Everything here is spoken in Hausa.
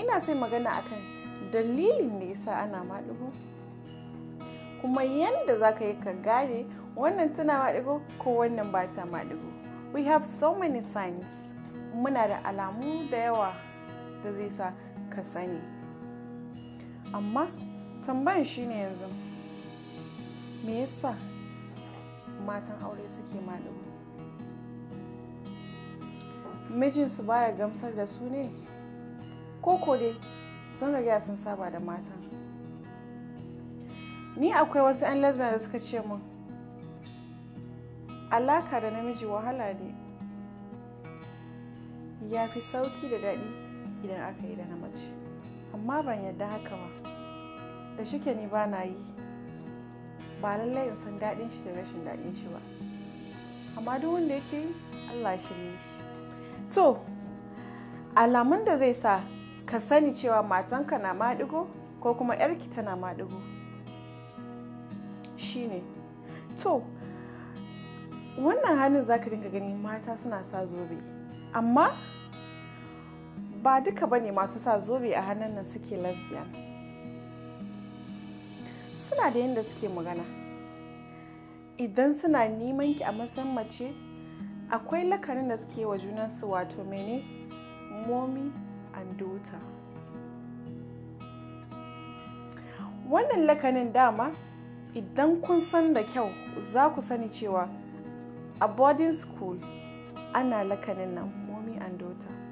ina so magana akan dalilin da yasa ana maɗigo kuma yadda za ka yi ka gane wannan tana maɗigo ko wannan ba ta maɗigo we have so many signs muna da alamu da yawa da zai sa ka sani amma tambayan shine yanzu me yasa matan aure suke maɗigo mijinsu baya gamsar da su ne koko dai sun riga sun saba da mata ni akwai wasu 'yan lesbian da suka ce min alaka da namiji wahala ne ya fi sauki da daɗi idan aka yi da na mace amma ban yadda haka ba da shike ni ba na yi ba lallai in san daɗin shi da rashin daɗin shi ba amma duk wanda yake allah shirye shi to alamun da zai sa ka sani cewa matanka na maɗigo ko kuma yarki tana maɗigo shine to wannan hannun za ka dinga gani mata suna sa zobe amma ba duka ba ne masu sa zobe a hannun nan suke lesbian suna da yadda suke magana idan suna neman ki a matsayin mace akwai lakanin da suke wa junansu wato mene momi and daughter. Wannan lakanin dama idan kun san da kyau za ku sani cewa a boarding school ana lakanin nan mommy and daughter.